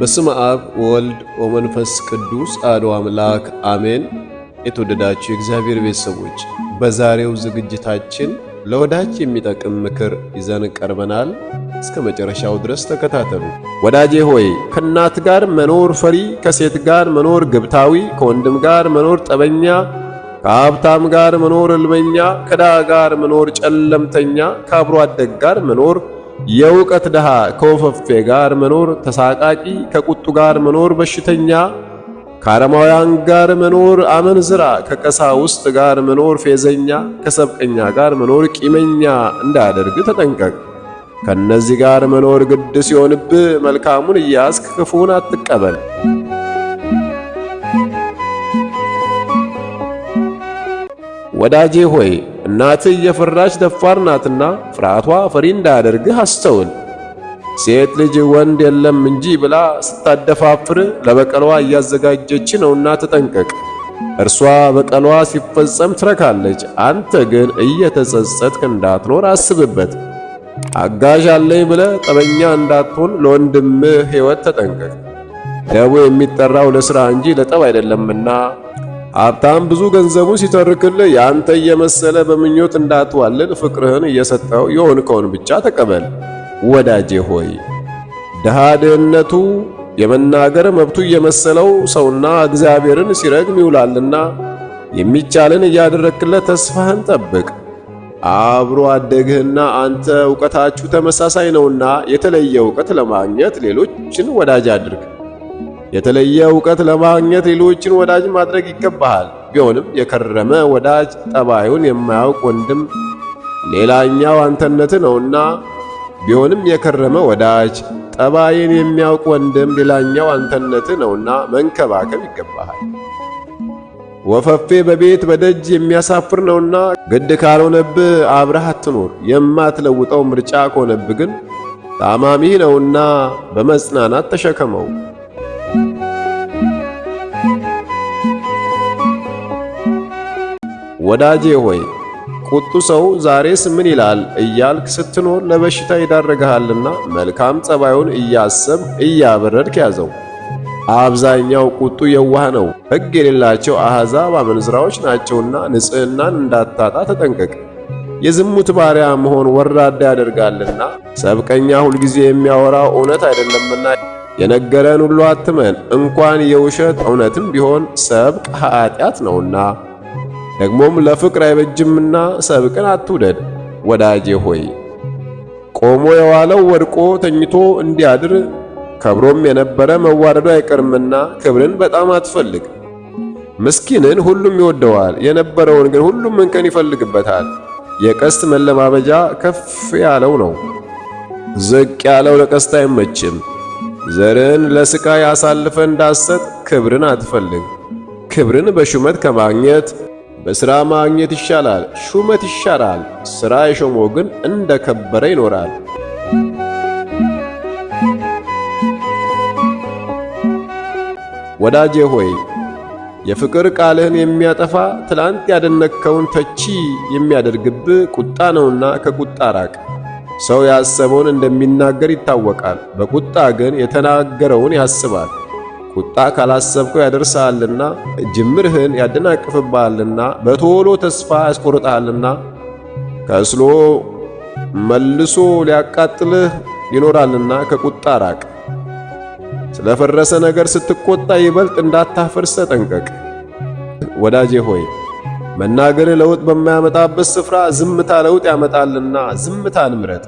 በስም አብ ወልድ ወመንፈስ ቅዱስ አሐዱ አምላክ አሜን። የተወደዳችሁ የእግዚአብሔር ቤተሰቦች በዛሬው ዝግጅታችን ለወዳጅ የሚጠቅም ምክር ይዘን ቀርበናል። እስከ መጨረሻው ድረስ ተከታተሉ። ወዳጄ ሆይ ከእናት ጋር መኖር ፈሪ፣ ከሴት ጋር መኖር ግብታዊ፣ ከወንድም ጋር መኖር ጠበኛ፣ ከሀብታም ጋር መኖር እልመኛ፣ ከዳ ጋር መኖር ጨለምተኛ፣ ከአብሮ አደግ ጋር መኖር የእውቀት ድሃ ከወፈፌ ጋር መኖር ተሳቃቂ፣ ከቁጡ ጋር መኖር በሽተኛ፣ ከአረማውያን ጋር መኖር አመንዝራ፣ ከቀሳ ውስጥ ጋር መኖር ፌዘኛ፣ ከሰብቀኛ ጋር መኖር ቂመኛ እንዳደርግ ተጠንቀቅ። ከነዚህ ጋር መኖር ግድ ሲሆንብ መልካሙን እያስክ ክፉን አትቀበል። ወዳጄ ሆይ እናትህ እየፈራች ደፋር ናትና ፍርሃቷ ፈሪ እንዳያደርግህ አስተውል። ሴት ልጅ ወንድ የለም እንጂ ብላ ስታደፋፍር ለበቀሏ እያዘጋጀች ነውና ተጠንቀቅ። እርሷ በቀሏ ሲፈጸም ትረካለች። አንተ ግን እየተጸጸትክ እንዳትኖር አስብበት። አጋዥ አለኝ ብለ ጠበኛ እንዳትሆን ለወንድምህ ሕይወት ተጠንቀቅ። ደቡ የሚጠራው ለሥራ እንጂ ለጠብ አይደለምና ሀብታም ብዙ ገንዘቡን ሲተርክል ያንተ እየመሰለ በምኞት እንዳትዋልል ፍቅርህን እየሰጠው የሆንከውን ብቻ ተቀበል። ወዳጄ ሆይ ድሃ ድህነቱ የመናገር መብቱ እየመሰለው ሰውና እግዚአብሔርን ሲረግም ይውላልና የሚቻልን እያደረክለት ተስፋህን ጠብቅ። አብሮ አደግህና አንተ ዕውቀታችሁ ተመሳሳይ ነውና የተለየ ዕውቀት ለማግኘት ሌሎችን ወዳጅ አድርግ። የተለየ እውቀት ለማግኘት ሌሎችን ወዳጅ ማድረግ ይገባሃል። ቢሆንም የከረመ ወዳጅ ጠባዩን የማያውቅ ወንድም ሌላኛው አንተነት ነውና፣ ቢሆንም የከረመ ወዳጅ ጠባይን የሚያውቅ ወንድም ሌላኛው አንተነት ነውና መንከባከብ ይገባሃል። ወፈፌ በቤት በደጅ የሚያሳፍር ነውና ግድ ካልሆነብህ አብረህ አትኖር። የማትለውጠው ምርጫ ከሆነብህ ግን ታማሚ ነውና በመጽናናት ተሸከመው። ወዳጄ ሆይ ቁጡ ሰው ዛሬስ ምን ይላል እያልክ ስትኖር ለበሽታ ይዳረግሃልና መልካም ጸባዩን እያሰብ እያበረድክ ያዘው። አብዛኛው ቁጡ የዋህ ነው። ሕግ የሌላቸው አሕዛብ አመንዝራዎች ናቸውና ንጽሕናን እንዳታጣ ተጠንቀቅ። የዝሙት ባሪያ መሆን ወራዳ ያደርጋልና ሰብቀኛ ሁልጊዜ የሚያወራው እውነት አይደለምና የነገረን ሁሉ አትመን፣ እንኳን የውሸት እውነትም ቢሆን ሰብቅ ኃጢአት ነውና። ደግሞም ለፍቅር አይበጅምና ሰብቅን አትውደድ። ወዳጄ ሆይ ቆሞ የዋለው ወድቆ ተኝቶ እንዲያድር ከብሮም የነበረ መዋረዱ አይቀርምና ክብርን በጣም አትፈልግ። ምስኪንን ሁሉም ይወደዋል፣ የነበረውን ግን ሁሉም እንከን ይፈልግበታል። የቀስት መለማበጃ ከፍ ያለው ነው፣ ዝቅ ያለው ለቀስት አይመችም። ዘርን ለስቃይ አሳልፈ እንዳሰጥ ክብርን አትፈልግ። ክብርን በሹመት ከማግኘት በሥራ ማግኘት ይሻላል፣ ሹመት ይሻላል። ሥራ የሾመው ግን እንደ ከበረ ይኖራል። ወዳጄ ሆይ የፍቅር ቃልህን የሚያጠፋ ትላንት ያደነከውን ተቺ የሚያደርግብ ቁጣ ነውና ከቁጣ ራቅ። ሰው ያሰበውን እንደሚናገር ይታወቃል፣ በቁጣ ግን የተናገረውን ያስባል። ቁጣ ካላሰብከው ያደርሳልና ጅምርህን ያደናቅፍብሃልና በቶሎ ተስፋ ያስቆርጥሃልና ከስሎ መልሶ ሊያቃጥልህ ይኖራልና ከቁጣ ራቅ። ስለፈረሰ ነገር ስትቆጣ ይበልጥ እንዳታፈርሰ ጠንቀቅ። ወዳጄ ሆይ መናገር ለውጥ በማያመጣበት ስፍራ ዝምታ ለውጥ ያመጣልና ዝምታን ምረጥ።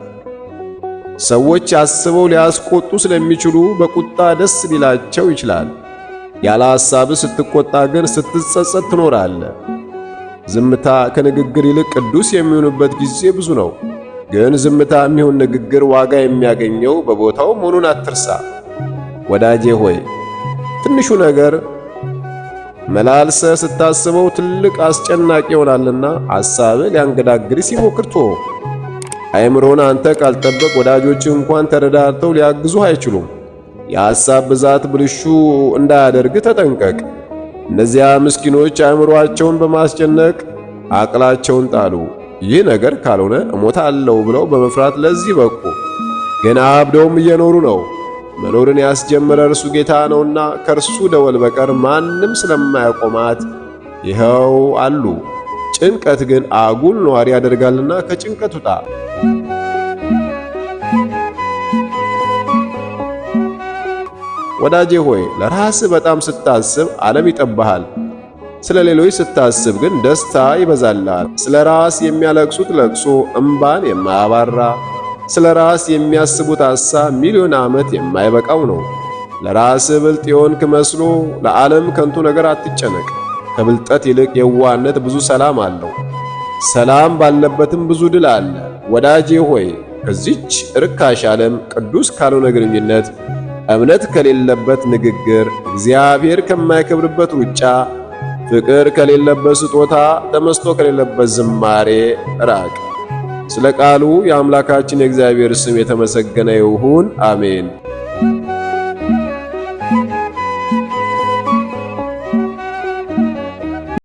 ሰዎች አስበው ሊያስቆጡ ስለሚችሉ በቁጣ ደስ ሊላቸው ይችላል። ያለ ሐሳብ ስትቆጣ ግን ስትጸጸት ትኖራለ። ዝምታ ከንግግር ይልቅ ቅዱስ የሚሆንበት ጊዜ ብዙ ነው። ግን ዝምታ የሚሆን ንግግር ዋጋ የሚያገኘው በቦታው መሆኑን አትርሳ። ወዳጄ ሆይ ትንሹ ነገር መላልሰ ስታስበው ትልቅ አስጨናቂ ይሆናልና ሐሳብ ሊያንገዳግር ሲሞክርቶ አእምሮን አንተ ካልጠበቅ ወዳጆች እንኳን ተረዳርተው ሊያግዙ አይችሉም። የሐሳብ ብዛት ብልሹ እንዳያደርግ ተጠንቀቅ። እነዚያ ምስኪኖች አእምሮአቸውን በማስጨነቅ አቅላቸውን ጣሉ። ይህ ነገር ካልሆነ እሞታለሁ ብለው በመፍራት ለዚህ በቁ። ገና አብደውም እየኖሩ ነው። መኖርን ያስጀመረ እርሱ ጌታ ነውና ከእርሱ ደወል በቀር ማንም ስለማያቆማት ይኸው አሉ። ጭንቀት ግን አጉል ነዋሪ ያደርጋልና ከጭንቀት ውጣ። ወዳጄ ሆይ ለራስህ በጣም ስታስብ ዓለም ይጠባሃል። ስለ ሌሎች ስታስብ ግን ደስታ ይበዛልሃል። ስለ ራስ የሚያለቅሱት ለቅሶ እምባን የማያባራ፣ ስለ ራስ የሚያስቡት አሳ ሚሊዮን ዓመት የማይበቃው ነው። ለራስህ ብልጥ የሆንክ መስሎ ለዓለም ከንቱ ነገር አትጨነቅ። ከብልጠት ይልቅ የዋህነት ብዙ ሰላም አለው። ሰላም ባለበትም ብዙ ድል አለ። ወዳጄ ሆይ ከዚች ርካሽ ዓለም ቅዱስ ካልሆነ ግንኙነት፣ እምነት ከሌለበት ንግግር፣ እግዚአብሔር ከማይከብርበት ሩጫ፣ ፍቅር ከሌለበት ስጦታ፣ ተመስጦ ከሌለበት ዝማሬ ራቅ። ስለ ቃሉ የአምላካችን የእግዚአብሔር ስም የተመሰገነ ይሁን። አሜን።